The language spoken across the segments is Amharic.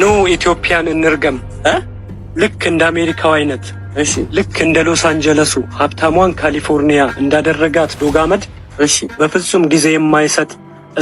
ኑ ኢትዮጵያን እንርገም ልክ እንደ አሜሪካው አይነት እሺ፣ ልክ እንደ ሎስ አንጀለሱ ሀብታሟን ካሊፎርኒያ እንዳደረጋት ዶጋመድ እሺ፣ በፍጹም ጊዜ የማይሰጥ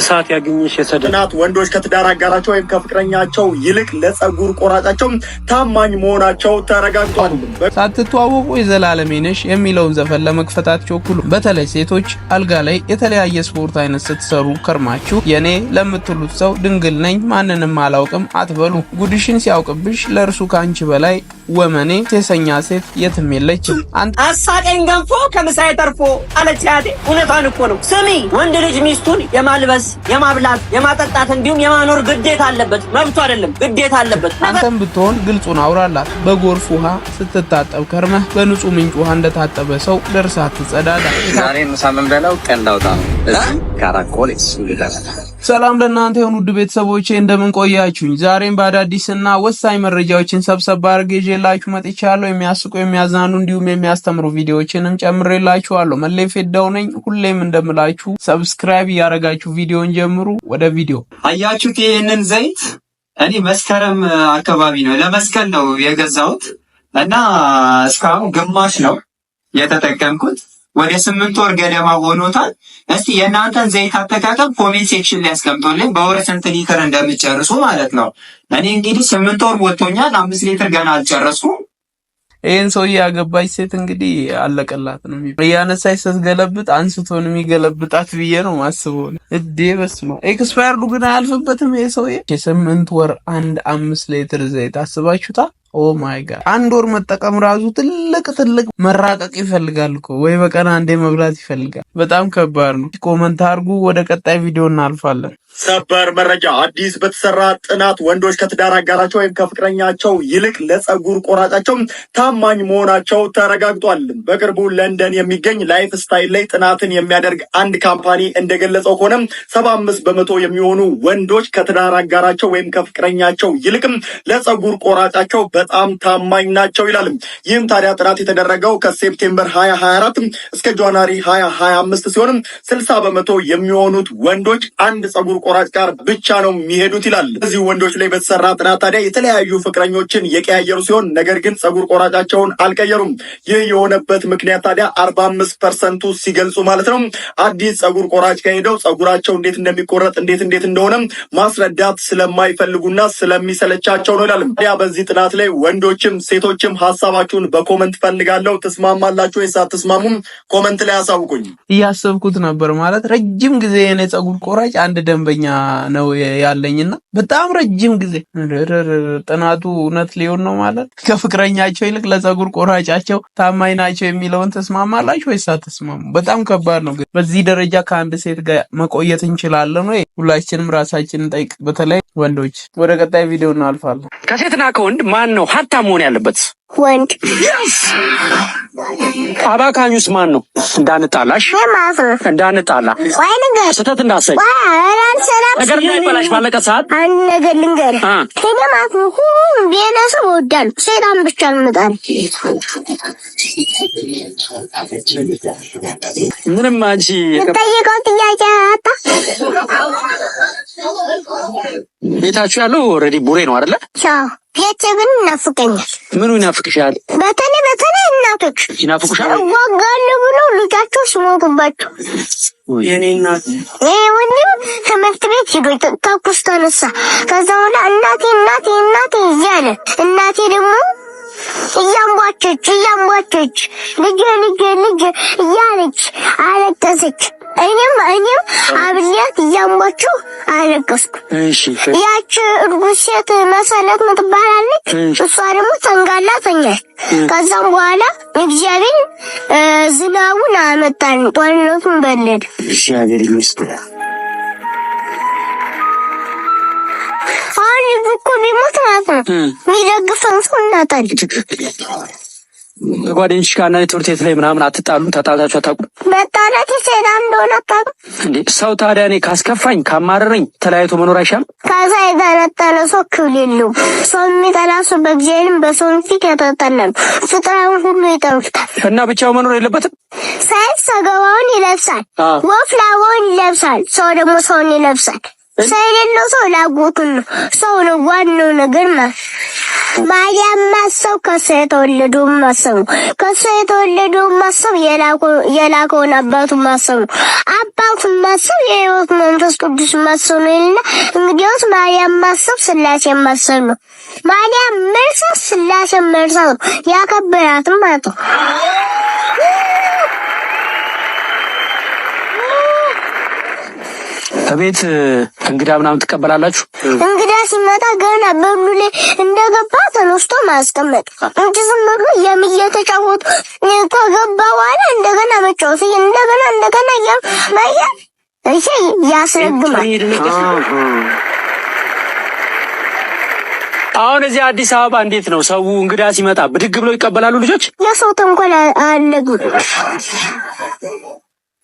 እሳት ያገኘሽ የሰደድ እናት ወንዶች ከትዳር አጋራቸው ወይም ከፍቅረኛቸው ይልቅ ለጸጉር ቆራጫቸው ታማኝ መሆናቸው ተረጋግጧል። ሳትተዋወቁ የዘላለሜ ነሽ የሚለውን ዘፈን ለመክፈት አትቸኩሉ። በተለይ ሴቶች አልጋ ላይ የተለያየ ስፖርት አይነት ስትሰሩ ከርማችሁ የኔ ለምትሉት ሰው ድንግል ነኝ ማንንም አላውቅም አትበሉ። ጉድሽን ሲያውቅብሽ ለእርሱ ከአንቺ በላይ ወመኔ ሴሰኛ ሴት የትም የለችም። አሳቀኝ ገንፎ ከምሳዬ ተርፎ አለች አያቴ። እውነቷን እኮ ነው። ስሚ ወንድ ልጅ ሚስቱን የማልበስ የማብላት፣ የማጠጣት እንዲሁም የማኖር ግዴታ አለበት። መብቱ አይደለም ግዴታ አለበት። አንተም ብትሆን ግልጹን አውራላት። በጎርፍ ውሃ ስትታጠብ ከርመህ በንጹህ ምንጭ ውሃ እንደታጠበ ሰው ደርሳ ትጸዳዳ። ዛሬ ምሳ ምንበላው ቀንዳውጣ ነው ካራኮሌስ ሰላም ለእናንተ የሆኑ ውድ ቤተሰቦቼ እንደምን ቆያችሁኝ? ዛሬም በአዳዲስና ወሳኝ መረጃዎችን ሰብሰብ አድርጌ ይዤላችሁ መጥቻለሁ። የሚያስቁ የሚያዝናኑ፣ እንዲሁም የሚያስተምሩ ቪዲዮዎችንም ጨምሬላችኋለሁ። መለይ ፌዳው ነኝ። ሁሌም እንደምላችሁ ሰብስክራይብ እያደረጋችሁ ቪዲዮን ጀምሩ። ወደ ቪዲዮ አያችሁት። ይህንን ዘይት እኔ መስከረም አካባቢ ነው ለመስቀል ነው የገዛሁት እና እስካሁን ግማሽ ነው የተጠቀምኩት ወደ ስምንት ወር ገደማ ሆኖታል። እስቲ የእናንተን ዘይት አጠቃቀም ኮሜንት ሴክሽን ላይ አስቀምጦልኝ በወር ስንት ሊትር እንደምጨርሱ ማለት ነው። እኔ እንግዲህ ስምንት ወር ወጥቶኛል አምስት ሊትር ገና አልጨረስኩም። ይህን ሰውዬ ያገባች ሴት እንግዲህ አለቀላት ነው እያነሳች ስትገለብጥ አንስቶን የሚገለብጣት ብዬ ነው ማስበው። እዴ በስማ ኤክስፓየርዱ ግን አያልፍበትም ይህ ሰውዬ የስምንት ወር አንድ አምስት ሌትር ዘይት አስባችሁታል። ኦ ማይ ጋድ አንድ ወር መጠቀም ራሱ ትልቅ ትልቅ መራቀቅ ይፈልጋል እኮ ወይ በቀን አንዴ መብላት ይፈልጋል። በጣም ከባድ ነው። ኮመንት አርጉ። ወደ ቀጣይ ቪዲዮ እናልፋለን። ሰበር መረጃ፣ አዲስ በተሰራ ጥናት ወንዶች ከትዳር አጋራቸው ወይም ከፍቅረኛቸው ይልቅ ለፀጉር ቆራጫቸው ታማኝ መሆናቸው ተረጋግጧል። በቅርቡ ለንደን የሚገኝ ላይፍ ስታይል ላይ ጥናትን የሚያደርግ አንድ ካምፓኒ እንደገለጸው ከሆነም ሰባ አምስት በመቶ የሚሆኑ ወንዶች ከትዳር አጋራቸው ወይም ከፍቅረኛቸው ይልቅም ለፀጉር ቆራጫቸው በጣም ታማኝ ናቸው ይላል። ይህም ታዲያ ጥናት የተደረገው ከሴፕቴምበር 2024 እስከ ጃንዋሪ 2025 ሲሆንም 60 በመቶ የሚሆኑት ወንዶች አንድ ጸጉር ቆራጭ ጋር ብቻ ነው የሚሄዱት ይላል። እዚህ ወንዶች ላይ በተሰራ ጥናት ታዲያ የተለያዩ ፍቅረኞችን የቀያየሩ ሲሆን ነገር ግን ጸጉር ቆራጫቸውን አልቀየሩም። ይህ የሆነበት ምክንያት ታዲያ 45 ፐርሰንቱ ሲገልጹ ማለት ነው አዲስ ጸጉር ቆራጭ ከሄደው ጸጉራቸው እንዴት እንደሚቆረጥ እንዴት እንዴት እንደሆነ ማስረዳት ስለማይፈልጉና ስለሚሰለቻቸው ነው ይላል። ታዲያ በዚህ ጥናት ላይ በተለይ ወንዶችም ሴቶችም ሀሳባችሁን በኮመንት ፈልጋለሁ። ትስማማላችሁ ወይ? ሳትስማሙም ኮመንት ላይ አሳውቁኝ። እያሰብኩት ነበር ማለት ረጅም ጊዜ የኔ ጸጉር ቆራጭ አንድ ደንበኛ ነው ያለኝና በጣም ረጅም ጊዜ ጥናቱ እውነት ሊሆን ነው ማለት ከፍቅረኛቸው ይልቅ ለጸጉር ቆራጫቸው ታማኝ ናቸው የሚለውን ተስማማላችሁ ወይ? ሳትስማሙ በጣም ከባድ ነው። በዚህ ደረጃ ከአንድ ሴት ጋር መቆየት እንችላለን ወይ? ሁላችንም ራሳችንን ጠይቅ። በተለይ ወንዶች። ወደ ቀጣይ ቪዲዮ እናልፋለን። ከሴትና ከወንድ ማን ነው ሀብታም መሆን ያለበት? ወንድ። አባካኙስ ማን ነው? እንዳንጣላሽ እንዳንጣላ ስህተት እንዳሰኝ ነገር እንዳይበላሽ ባለቀ ሰዓት አንድ ነገር ልንገርህ ማለት ነው። ሁሉም ብሔረሰብ ወዳል ሴጣን ብቻ ልምጣል። ምንም አንቺ የምጠይቀው ጥያቄ ቤታችሁ ያለው ኦልሬዲ ቡሬ ነው አይደለ? ሄቼ ግን ይናፍቀኛል። ምኑ ይናፍቅሻል? በተለይ በተለይ እናቶች ይናፍቁሻል። እዋጋለሁ ብሎ ልጃቸው ሲሞቱባቸው ወንድም ትምህርት ቤት ሄዶ ተኩስ ተነሳ። ከዛ በኋላ እናቴ እናቴ እናቴ እዚህ እናቴ ደግሞ እያንቧቸች እያንቧቸች ልጄ ልጄ ልጄ እያለች አለቀሰች። እኔም እኔም አብያት እያምባችሁ አለቀስኩ። ያቺ እርጉዝ ሴት መሰለት ምትባላለች። እሷ ደግሞ ተንጋላ ተኛች። ከዛም በኋላ እግዚአብሔር ዝናቡን አመጣን፣ ጦርነቱን በለድ በለደ። አሁን ልጁ እኮ ቢሞት ማለት ነው የሚደግፈን ሰው እናጣለን። ጓደኞች ጋርና ትምህርት ቤት ላይ ምናምን አትጣሉም? ተጣልታችሁ አታውቁም? መጣላት ሴና እንደሆነ አታውቁም እንዴ? ሰው ታዲያ እኔ ካስከፋኝ ካማረረኝ ተለያይቶ መኖር አይሻልም? ከዛ የተነጠለ ሰው ክብል የለውም። ሰው የሚጠላ ሰው በእግዚአብሔርም በሰውን ፊት ያጠጠለም ፍጥረቱን ሁሉ ይጠሩታል። እና ብቻው መኖር የለበትም። ሳይንስ ሰገባውን ይለብሳል፣ ወፍ ላባውን ይለብሳል፣ ሰው ደግሞ ሰውን ይለብሳል። ሰው የሌለው ሰው ላጎቱ ነው። ሰው ነው ዋናው ነገር ማለት ማርያም ማሰብ ከሰው የተወለደው ማሰብ ነው። ከሰው የተወለደው ማሰብ የላከውን አባቱን ማሰብ ነው። አባቱን ማሰብ የሕይወት መንፈስ ቅዱስ ማሰብ ነው ይልና እንግዲያውስ ማርያም ማሰብ ስላሴ ማሰብ ነው። ማርያም መርሳት ስላሴ መርሳት ነው። ያከበራትም ማለት ነው። ከቤት እንግዳ ምናምን ትቀበላላችሁ? እንግዳ ሲመጣ ገና በሉ ላይ እንደገባ ተነስቶ ማስቀመጥ እንጂ ዝም ብሎ እየተጫወቱ ከገባ በኋላ እንደገና መጫወት እንደገና እንደገና ያ ማያ እሺ ያስረግማል። አሁን እዚህ አዲስ አበባ እንዴት ነው ሰው እንግዳ ሲመጣ ብድግ ብለው ይቀበላሉ ልጆች? የሰው ተንኮል አለግ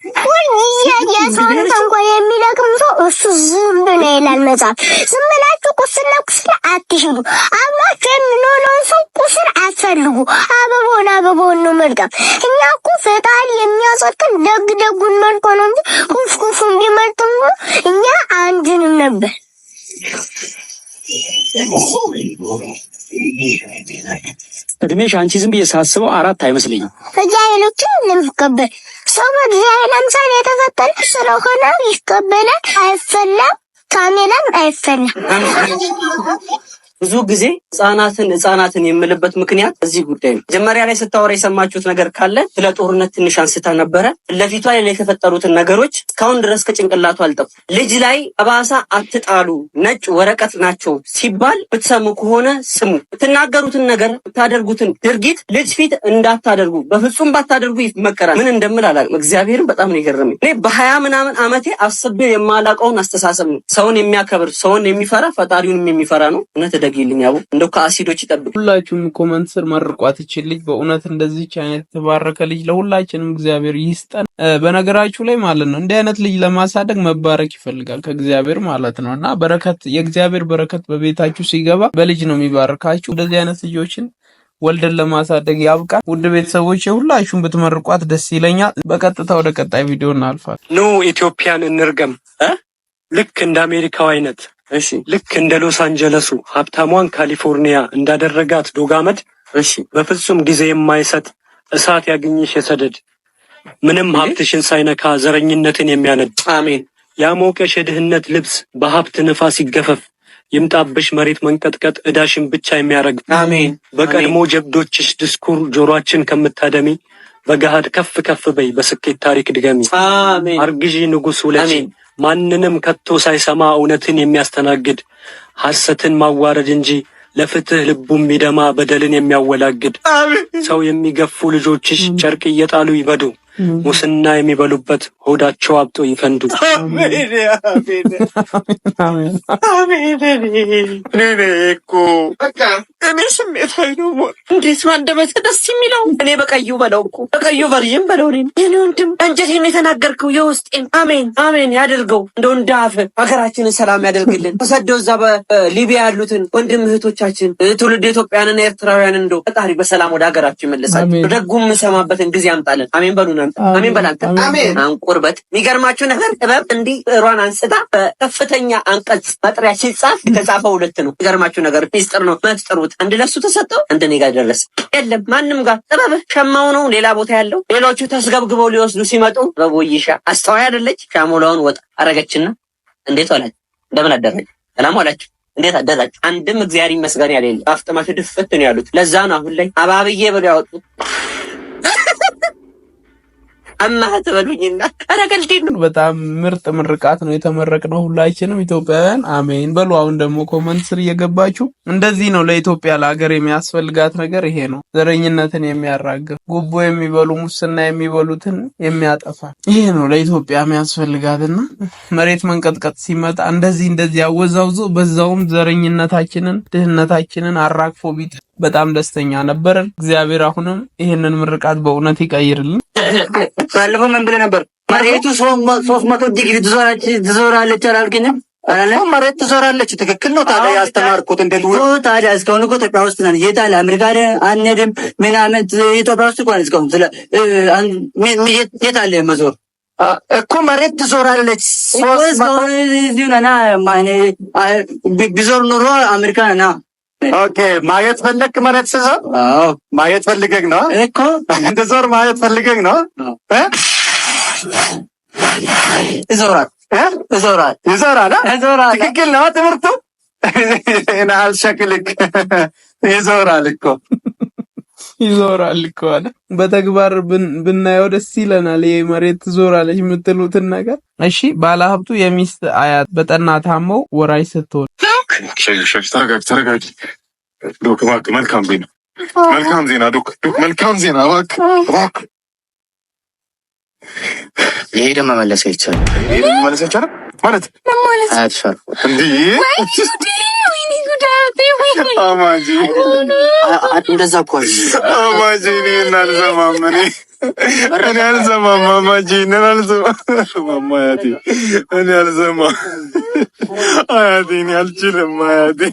ሁን የሰውን ተንኮል የሚለቅም ሰው እሱ ዝም ብሎ ይላል መጽሐፍ። ዝም ብላችሁ ቁስላ ቁስላ አትሽሉ። አብሯችሁ የሚኖረውን ሰው ቁስል አትፈልጉ። አበቦን አበቦን ነው መልቀም። እኛ እኮ ፈጣሪ የሚያጸድቅን ደግ ደጉን መልኮ ነው እንጂ ኩፍ ኩፉን ቢመርጥ እኛ አንድንም ነበር። እድሜሽ አንቺ ዝም ብዬ ሳስበው አራት አይመስለኝም። ከጃይሎቹ ምንም ይቀበል ሰው በእግዚአብሔር አምሳል የተፈጠረ ስለሆነ ይቀበላል። አይፈላም፣ ካሜላም አይፈላም። ብዙ ጊዜ ህጻናትን ህጻናትን የምልበት ምክንያት እዚህ ጉዳይ ነው። መጀመሪያ ላይ ስታወራ የሰማችሁት ነገር ካለ ስለ ጦርነት ትንሽ አንስታ ነበረ። ለፊቷ ላይ የተፈጠሩትን ነገሮች እስካሁን ድረስ ከጭንቅላቱ አልጠፉ። ልጅ ላይ አባሳ አትጣሉ፣ ነጭ ወረቀት ናቸው ሲባል ብትሰሙ ከሆነ ስሙ። ብትናገሩትን ነገር ብታደርጉትን ድርጊት ልጅ ፊት እንዳታደርጉ በፍጹም ባታደርጉ ይመከራል። ምን እንደምል አላውቅም። እግዚአብሔርን በጣም ነው የገረመኝ። እኔ በሀያ ምናምን አመቴ አስቤ የማላውቀውን አስተሳሰብ ነው። ሰውን የሚያከብር ሰውን የሚፈራ ፈጣሪውንም የሚፈራ ነው እውነት አድርጊልኝ አቡ እንደ ከአሲዶች ይጠብቅ። ሁላችሁም ኮመንት ስር መርቋት ልጅ በእውነት እንደዚች አይነት የተባረከ ልጅ ለሁላችንም እግዚአብሔር ይስጠን። በነገራችሁ ላይ ማለት ነው እንዲህ አይነት ልጅ ለማሳደግ መባረክ ይፈልጋል ከእግዚአብሔር ማለት ነው እና በረከት የእግዚአብሔር በረከት በቤታችሁ ሲገባ በልጅ ነው የሚባርካችሁ። እንደዚህ አይነት ልጆችን ወልደን ለማሳደግ ያብቃል። ውድ ቤተሰቦች ሁላችሁም ብትመርቋት ደስ ይለኛል። በቀጥታ ወደ ቀጣይ ቪዲዮ እናልፋለን። ኑ ኢትዮጵያን እንርገም ልክ እንደ አሜሪካው አይነት እሺ ልክ እንደ ሎስ አንጀለሱ ሀብታሟን ካሊፎርኒያ እንዳደረጋት ዶጋመድ እሺ፣ በፍጹም ጊዜ የማይሰጥ እሳት ያግኝሽ የሰደድ ምንም ሀብትሽን ሳይነካ ዘረኝነትን የሚያነድ አሜን። ያሞቀሽ የድህነት ልብስ በሀብት ንፋስ ይገፈፍ ይምጣብሽ መሬት መንቀጥቀጥ እዳሽን ብቻ የሚያረግፍ አሜን። በቀድሞ ጀብዶችሽ ድስኩር ጆሮአችን ከምታደሚ በገሃድ ከፍ ከፍ በይ በስኬት ታሪክ ድገሚ። አሜን። አርግዢ ንጉሥ ውለቺ ማንንም ከቶ ሳይሰማ እውነትን የሚያስተናግድ ሐሰትን ማዋረድ እንጂ ለፍትህ ልቡ የሚደማ በደልን የሚያወላግድ ሰው የሚገፉ ልጆችሽ ጨርቅ እየጣሉ ይበዱ። ሙስና የሚበሉበት ሆዳቸው አብጦ ይፈንዱ። እኔ ስሜት ሀይ እንዴት ነው ደስ የሚለው? እኔ በቀዩ በለው እኮ በቀዩ በርዥም በለው። እኔ ወንድም አንጀቴን የተናገርከው የውስጤን አሜን አሜን ያደርገው። እንደው እንደ አፍህ ሀገራችንን ሰላም ያደርግልን። ተሰደው እዛ በሊቢያ ያሉትን ወንድም እህቶቻችን ትውልድ ኢትዮጵያንና ኤርትራውያን እንደው ፈጣሪ በሰላም ወደ ሀገራችን ይመልሳል። ደጉም የምንሰማበትን ጊዜ አምጣለን። አሜን በሉና አሜን በላንተ አሜን። አሁን ቁርበት የሚገርማችሁ ነገር ጥበብ እንዲህ ሯን አንስታ በከፍተኛ አንቀጽ መጥሪያ ሲጻፍ የተጻፈው ሁለት ነው። የሚገርማችሁ ነገር ሚስጥር ነው መፍጥሩት አንድ ለሱ ተሰጠው፣ አንድ እኔ ጋር ደረሰ። የለም ማንም ጋር ጥበብ ሸማው ነው ሌላ ቦታ ያለው። ሌሎቹ ተስገብግበው ሊወስዱ ሲመጡ ጥበቡ ይሻ አስተዋይ አይደለች። ሻሞላውን ወጣ አረገችና እንዴት ዋላችሁ? እንደምን አደረች? ሰላም ዋላችሁ? እንዴት አደራችሁ? አንድም እግዚአብሔር ይመስገን ያለ የለም። አፍጥማሽ ድፍት ነው ያሉት። ለዛ ነው አሁን ላይ አባብዬ ብለው ያወጡት። አማ ተበሉኝና አረገልቴ ነው። በጣም ምርጥ ምርቃት ነው የተመረቅነው ሁላችንም ኢትዮጵያውያን አሜን በሉ። አሁን ደግሞ ኮመንት ስር እየገባችሁ እንደዚህ ነው ለኢትዮጵያ ለሀገር የሚያስፈልጋት ነገር ይሄ ነው። ዘረኝነትን የሚያራግፍ ጉቦ የሚበሉ ሙስና የሚበሉትን የሚያጠፋ ይሄ ነው ለኢትዮጵያ የሚያስፈልጋትና መሬት መንቀጥቀጥ ሲመጣ እንደዚህ እንደዚህ አወዛውዞ በዛውም ዘረኝነታችንን ድህነታችንን አራግፎ ቢጥ በጣም ደስተኛ ነበር። እግዚአብሔር አሁንም ይህንን ምርቃት በእውነት ይቀይርልን። ባለፈው ምን ብለህ ነበር? መሬቱ ሶስት መቶ ዲግሪ ትዞራለች አላልከኝም? መሬት ትዞራለች። ትክክል ነው። ታዲያ ያስተማርኩት እንደ ታዲያ እስካሁን እኮ ኢትዮጵያ ውስጥ ነን። የታለ አሜሪካ አንሄድም ምናምን ኢትዮጵያ ውስጥ እኳን እስካሁን ስለ የታለ መዞር እኮ መሬት ትዞራለች። ቢዞር ኑሮ አሜሪካ ና ኦኬ ማየት ፈለግ ማለት ስዞር ማየት ፈልገግ ነው እኮ እንደ ዞር ማየት ፈልገግ ነው። ይዞራል ይዞራል ይዞራል ይዞራል። ትክክል ነው ትምህርቱ ናሃል ሸክልክ ይዞራል እኮ ይዞራል እኮ አለ። በተግባር ብናየው ደስ ይለናል። ይሄ መሬት ትዞራለች የምትሉትን ነገር። እሺ ባለሀብቱ የሚስት አያት በጠና ታመው ወራጅ ስትሆን ተረጋጊ ዶክ እባክህ። መልካም ዜና መልካም ዜና ዶክ ዶክ መልካም ዜና እባክህ እባክህ። የሄደ መመለስ አይቻልም። የሄደ መመለስ አይቻልም ማለት እንደዛ እኮ hani her zaman mamacığın her zaman mama hayatı. Hani her zaman hayatın alçılım hayatı.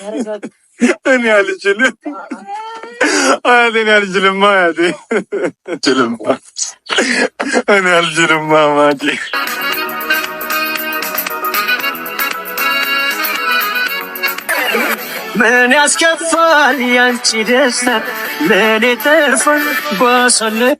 Hani elçilim. Hayatın elçilim hayatı. Elçilim. Hani elçilim mamacığın. ምን ያስከፋል ያንቺ ደስታ ምን ይተርፋል ጓሳነት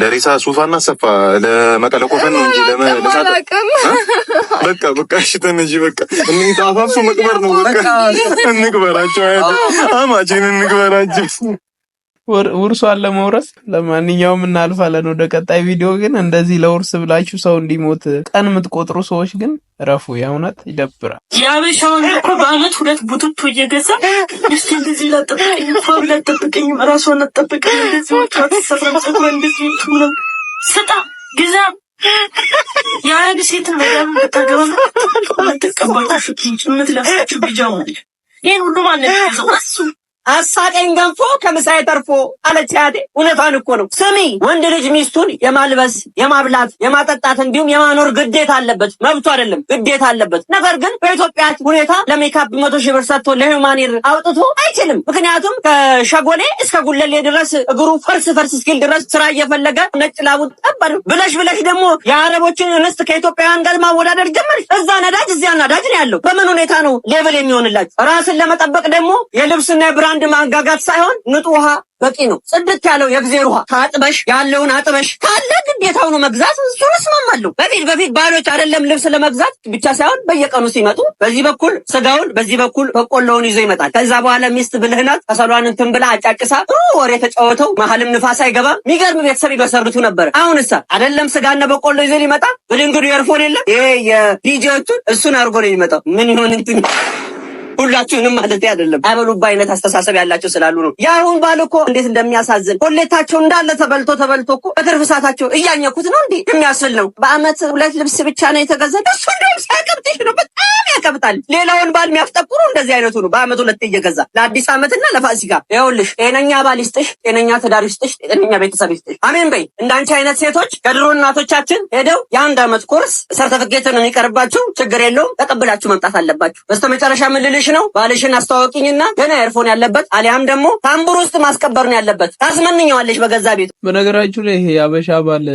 ለሬሳ ሱፋ እና እናሰፋ ለመቀለቆፈን ነው እንጂ ለመለሳት በቃ በቃ እሺ ተነጂ በቃ እንዴ ታፋፍሱ መቅበር ነው በቃ እንቅበራቸው አማጂን እንቅበራቸው ውርሷን ለመውረስ ለማንኛውም እናልፋለን ወደ ቀጣይ ቪዲዮ። ግን እንደዚህ ለውርስ ብላችሁ ሰው እንዲሞት ቀን የምትቆጥሩ ሰዎች ግን ረፉ። የእውነት ይደብራል። የአበሻውን እኮ በአመት ሁለት ቡትቶ እየገዛ እስኪ እንደዚህ ላጠብቀኝ ፋብ ራሷን ላጠብቀኝ እንደዚህ ወጣ ተሰራ ጸጉር እንደዚህ ትምለ ስጣ ግዛ የአረብ ሴትን በጣም ብታገባ ምትቀባቸው ሽኪ ጭምት የምትለብሳቸው ቢጃ ይህን ሁሉ ማን ነው እሱ አሳቀኝ ገንፎ ከምሳዬ ተርፎ አለች አያቴ። እውነቷን እኮ ነው። ስሚ ወንድ ልጅ ሚስቱን የማልበስ የማብላት፣ የማጠጣት እንዲሁም የማኖር ግዴታ አለበት። መብቱ አይደለም ግዴታ አለበት። ነገር ግን በኢትዮጵያ ሁኔታ ለሜካፕ መቶ ሺህ ብር ሰጥቶ ለሂውማኒር አውጥቶ አይችልም። ምክንያቱም ከሸጎሌ እስከ ጉለሌ ድረስ እግሩ ፈርስ ፈርስ እስኪል ድረስ ስራ እየፈለገ ነጭ ላቡን ጠበር ብለሽ ብለሽ ደግሞ የአረቦችን እንስት ከኢትዮጵያውያን ጋር ማወዳደር ጀመርሽ። እዛ ነዳጅ እዚያ ነዳጅ ነው ያለው። በምን ሁኔታ ነው ሌብል የሚሆንላችሁ? ራስን ለመጠበቅ ደግሞ የልብስና የብራ በአንድ ማጋጋት ሳይሆን ንጡ ውሃ በቂ ነው። ጽድት ያለው የእግዜር ውሃ ታጥበሽ ያለውን አጥበሽ ካለ ግዴታው ነው መግዛት። እሱ እስማማለሁ። በፊት በፊት ባሎች አይደለም ልብስ ለመግዛት ብቻ ሳይሆን በየቀኑ ሲመጡ በዚህ በኩል ስጋውን በዚህ በኩል በቆሎውን ይዞ ይመጣል። ከዛ በኋላ ሚስት ብልህ ናት። ከሰሏን እንትን ብላ አጫጭሳ ጥሩ ወሬ ተጫወተው መሀልም ንፋስ አይገባም። የሚገርም ቤተሰብ ይመሰርቱ ነበር። አሁን አይደለም ስጋና በቆሎ ይዞ ሊመጣ ብድንግዱ የርፎን የለም ይሄ የዲጄዎቹን እሱን አድርጎ ነው የሚመጣው። ምን ይሆን እንትን ሁላችሁንም ማለት አይደለም። አይበሉባ አይነት አስተሳሰብ ያላቸው ስላሉ ነው። የአሁን ባል እኮ እንዴት እንደሚያሳዝን ሁሌታቸው እንዳለ ተበልቶ ተበልቶ እኮ በትርፍ ሰዓታቸው እያኘኩት ነው እንዴ የሚያስል ነው። በአመት ሁለት ልብስ ብቻ ነው የተገዘ እሱ እንደውም ሳይቀብጥሽ ነው በጣም ትቀብጣለች። ሌላውን ባል የሚያፍጠቁሩ እንደዚህ አይነቱ ነው። በአመት ሁለቴ እየገዛ ለአዲስ ዓመትና ለፋሲካ። ይኸውልሽ ጤነኛ ባል ይስጥሽ፣ ጤነኛ ትዳር ይስጥሽ፣ ጤነኛ ቤተሰብ ይስጥሽ። አሜን በይ። እንዳንቺ አይነት ሴቶች ከድሮ እናቶቻችን ሄደው የአንድ አመት ኮርስ ሰርተፍኬትን የሚቀርባቸው ችግር የለውም ተቀብላችሁ መምጣት አለባችሁ። በስተ መጨረሻ ምልልሽ ነው ባልሽን አስተዋወቂኝና ገና ኤርፎን ያለበት አሊያም ደግሞ ታምቡር ውስጥ ማስቀበር ነው ያለበት። ታስመንኘዋለሽ በገዛ ቤቱ። በነገራችሁ ላይ ይሄ የአበሻ ባል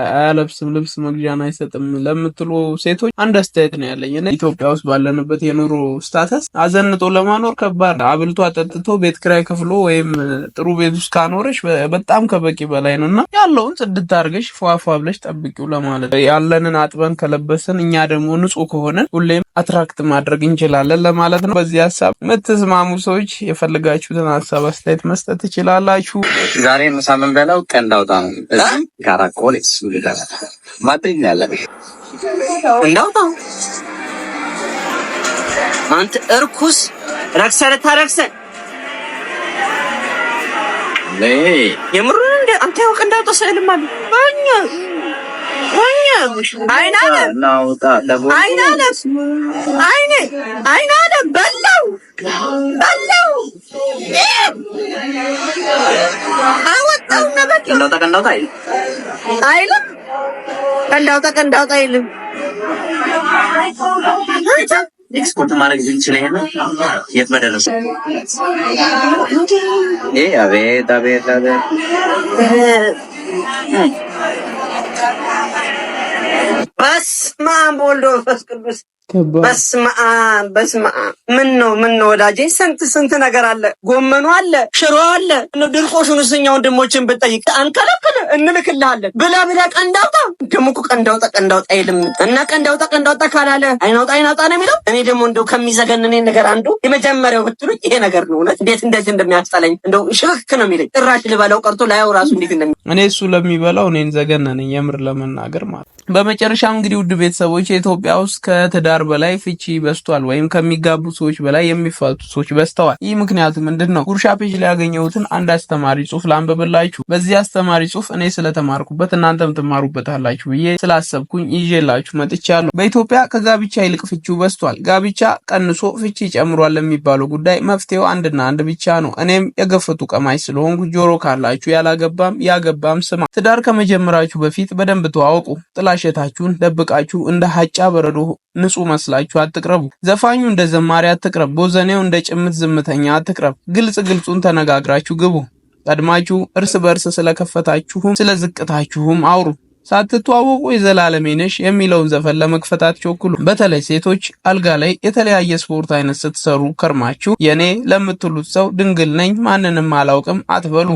አያለብስም ልብስ መግዣን አይሰጥም ለምትሉ ሴቶች አንድ አስተያየት ነው ያለኝ ኢትዮጵያ ውስጥ ባለንበት የኑሮ ስታተስ አዘንጦ ለማኖር ከባድ ነው። አብልቶ አጠጥቶ ቤት ክራይ ከፍሎ ወይም ጥሩ ቤት ውስጥ ካኖረሽ በጣም ከበቂ በላይ ነው እና ያለውን ጽድት አድርገሽ ፏፏ ብለሽ ጠብቂው ለማለት ያለንን አጥበን ከለበስን እኛ ደግሞ ንጹህ ከሆነን ሁሌም አትራክት ማድረግ እንችላለን ለማለት ነው። በዚህ ሀሳብ የምትስማሙ ሰዎች የፈልጋችሁትን ሀሳብ አስተያየት መስጠት ትችላላችሁ። ዛሬ ምሳ የምንበላው ቀንድ አውጣ ነው። ካራቆል ማጠኛለ እንዳውጣ አንተ እርኩስ ረክሰ ልታረክሰ የምሩ እንደ አንተ ያውቅ እንዳውጣ ስዕልም አለ እኛ አይናለም በላው በላው አወጣው ነበር። ነበ አይልም ቀንዳውጣ ቀንዳውጣ አይልም ኤክስፖርት ማድረግ ብንችል ይሄ የት በደረሰ። አቤት አቤት አቤት! በስመ አብ ወወልድ ወመንፈስ ቅዱስ በስማም በስማም። ምን ነው ምን ነው ወዳጄ፣ ስንት ስንት ነገር አለ። ጎመኑ አለ፣ ሽሮ አለ። ድርቆሹን እስኛ ወንድሞችን ብጠይቅ አንከለክል፣ እንልክልሃለን። ብላ ብላ ቀንዳውጣ ደግሞ እኮ ቀንዳውጣ ቀንዳውጣ አይልም እና ቀንዳውጣ ቀንዳውጣ ካላለ አይናውጣ አይናውጣ ነው የሚለው። እኔ ደግሞ እንደው ከሚዘገንን ነገር አንዱ የመጀመሪያው ብትሉ ይሄ ነገር ነው። እውነት እንዴት እንደዚህ እንደሚያስጠላኝ እንደው ሽክክ ነው የሚለኝ። ጭራሽ ልበላው ቀርቶ ላያው ራሱ እንዴት እንደሚ እኔ እሱ ለሚበላው እኔን ዘገነነኝ፣ የምር ለመናገር ማለት። በመጨረሻ እንግዲህ ውድ ቤተሰቦች ኢትዮጵያ ውስጥ ከትዳ ከትዳር በላይ ፍቺ በስቷል ወይም ከሚጋቡ ሰዎች በላይ የሚፋቱ ሰዎች በስተዋል። ይህ ምክንያቱ ምንድን ነው? ጉርሻ ፔጅ ላይ ያገኘሁትን አንድ አስተማሪ ጽሁፍ ላንብብላችሁ። በዚህ አስተማሪ ጽሁፍ እኔ ስለተማርኩበት እናንተም ትማሩበታላችሁ ብዬ ስላሰብኩኝ ይዤላችሁ መጥቻለሁ። በኢትዮጵያ ከጋብቻ ይልቅ ፍቺው በስቷል። ጋብቻ ቀንሶ ፍቺ ጨምሯል የሚባለው ጉዳይ መፍትሄው አንድና አንድ ብቻ ነው። እኔም የገፈቱ ቀማሽ ስለሆንኩ ጆሮ ካላችሁ ያላገባም ያገባም ስማ፣ ትዳር ከመጀመራችሁ በፊት በደንብ ተዋወቁ። ጥላሸታችሁን ደብቃችሁ እንደ ሀጫ በረዶ ንጹ መስላችሁ አትቅረቡ። ዘፋኙ እንደ ዘማሪ አትቅረብ፣ ቦዘኔው እንደ ጭምት ዝምተኛ አትቅረብ። ግልጽ ግልጹን ተነጋግራችሁ ግቡ። ቀድማችሁ እርስ በእርስ ስለከፈታችሁም ስለ ዝቅታችሁም አውሩ። ሳትተዋወቁ የዘላለሜ ነሽ የሚለውን ዘፈን ለመክፈታት ቸኩሉ። በተለይ ሴቶች አልጋ ላይ የተለያየ ስፖርት አይነት ስትሰሩ ከርማችሁ የኔ ለምትሉት ሰው ድንግል ነኝ ማንንም አላውቅም አትበሉ።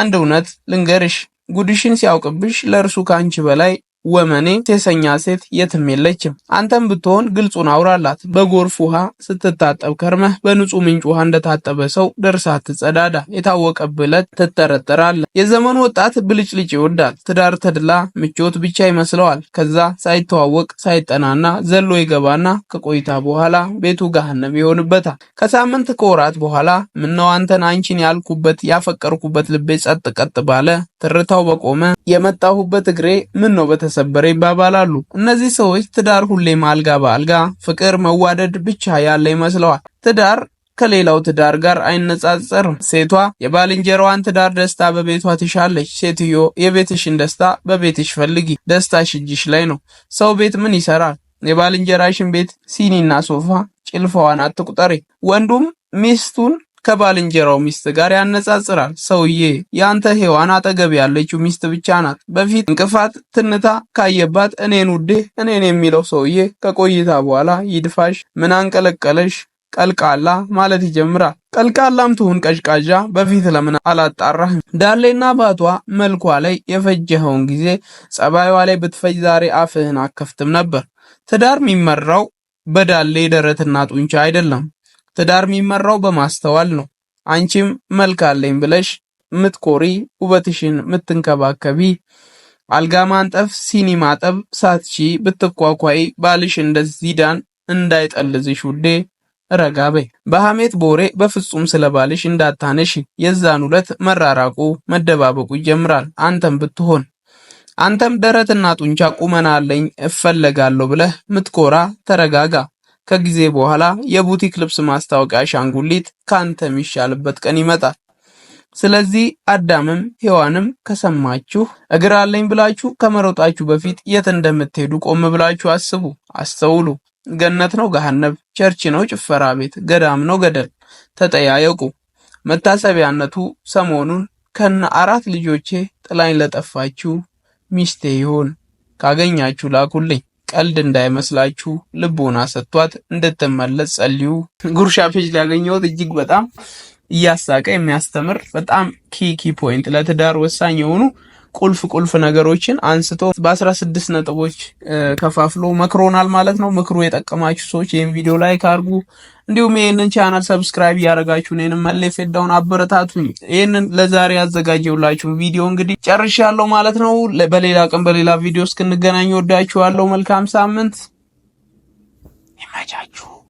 አንድ እውነት ልንገርሽ፣ ጉድሽን ሲያውቅብሽ ለእርሱ ከአንቺ በላይ ወመኔ ተሰኛ ሴት የትም የለችም። አንተም ብትሆን ግልጹን አውራላት። በጎርፍ ውሃ ስትታጠብ ከርመህ በንጹህ ምንጭ ውሃ እንደታጠበ ሰው ደርሳ ትጸዳዳ። የታወቀብህ ዕለት ትጠረጠራለህ። የዘመኑ ወጣት ብልጭልጭ ይወዳል። ትዳር ተድላ ምቾት ብቻ ይመስለዋል። ከዛ ሳይተዋወቅ ሳይጠናና ዘሎ ይገባና ከቆይታ በኋላ ቤቱ ገሃነም ይሆንበታል። ከሳምንት ከወራት በኋላ ምነው አንተን አንቺን ያልኩበት ያፈቀርኩበት ልቤ ጸጥ ቀጥ ባለ ትርታው በቆመ የመጣሁበት እግሬ ምን ነው ተሰበረ ይባባላሉ። እነዚህ ሰዎች ትዳር ሁሌም አልጋ በአልጋ ፍቅር፣ መዋደድ ብቻ ያለ ይመስለዋል። ትዳር ከሌላው ትዳር ጋር አይነጻጸርም። ሴቷ የባልንጀራዋን ትዳር ደስታ በቤቷ ትሻለች። ሴትዮ የቤትሽን ደስታ በቤትሽ ፈልጊ፣ ደስታሽ እጅሽ ላይ ነው። ሰው ቤት ምን ይሰራል? የባልንጀራሽን ቤት ሲኒና ሶፋ ጭልፋዋን አትቁጠሪ። ወንዱም ሚስቱን ከባልንጀራው ሚስት ጋር ያነጻጽራል። ሰውዬ የአንተ ሔዋን አጠገብ ያለችው ሚስት ብቻ ናት። በፊት እንቅፋት ትንታ ካየባት እኔን ውዴ እኔን የሚለው ሰውዬ ከቆይታ በኋላ ይድፋሽ፣ ምን አንቀለቀለሽ፣ ቀልቃላ ማለት ይጀምራል። ቀልቃላም ትሁን ቀዥቃዣ በፊት ለምን አላጣራህም? ዳሌና ባቷ መልኳ ላይ የፈጀኸውን ጊዜ ጸባይዋ ላይ ብትፈጅ ዛሬ አፍህን አከፍትም ነበር። ትዳር የሚመራው በዳሌ ደረትና ጡንቻ አይደለም። ትዳር የሚመራው በማስተዋል ነው። አንቺም መልክ አለኝ ብለሽ ምትኮሪ፣ ውበትሽን ምትንከባከቢ፣ አልጋ ማንጠፍ፣ ሲኒ ማጠብ ሳትቺ ብትኳኳይ ባልሽ እንደዚህ ዳን እንዳይጠልዝሽ ውዴ ረጋ በይ። በሐሜት ቦሬ በፍጹም ስለ ባልሽ እንዳታነሽ። የዛን ሁለት መራራቁ መደባበቁ ይጀምራል። አንተም ብትሆን አንተም ደረትና ጡንቻ ቁመና አለኝ እፈለጋለሁ ብለህ ምትኮራ ተረጋጋ። ከጊዜ በኋላ የቡቲክ ልብስ ማስታወቂያ አሻንጉሊት ካንተ የሚሻልበት ቀን ይመጣል። ስለዚህ አዳምም ሔዋንም ከሰማችሁ እግር አለኝ ብላችሁ ከመሮጣችሁ በፊት የት እንደምትሄዱ ቆም ብላችሁ አስቡ፣ አስተውሉ። ገነት ነው ገሃነብ፣ ቸርች ነው ጭፈራ ቤት፣ ገዳም ነው ገደል። ተጠያየቁ። መታሰቢያነቱ ሰሞኑን ከነ አራት ልጆቼ ጥላኝ ለጠፋችሁ ሚስቴ ይሁን። ካገኛችሁ ላኩልኝ። ቀልድ እንዳይመስላችሁ ልቦና ሰጥቷት እንድትመለስ ጸልዩ። ጉርሻ ፔጅ ሊያገኘሁት እጅግ በጣም እያሳቀ የሚያስተምር በጣም ኪኪ ፖይንት ለትዳር ወሳኝ የሆኑ ቁልፍ ቁልፍ ነገሮችን አንስቶ በ16 ነጥቦች ከፋፍሎ መክሮናል ማለት ነው። ምክሩ የጠቀማችሁ ሰዎች ይህም ቪዲዮ ላይክ አድርጉ። እንዲሁም ይህንን ቻናል ሰብስክራይብ እያደረጋችሁ እኔንም መለይ ፌዳውን አበረታቱኝ። ይህንን ለዛሬ ያዘጋጀውላችሁ ቪዲዮ እንግዲህ ጨርሻለሁ ማለት ነው። በሌላ ቀን በሌላ ቪዲዮ እስክንገናኝ ወዳችኋለሁ። መልካም ሳምንት ይመቻችሁ።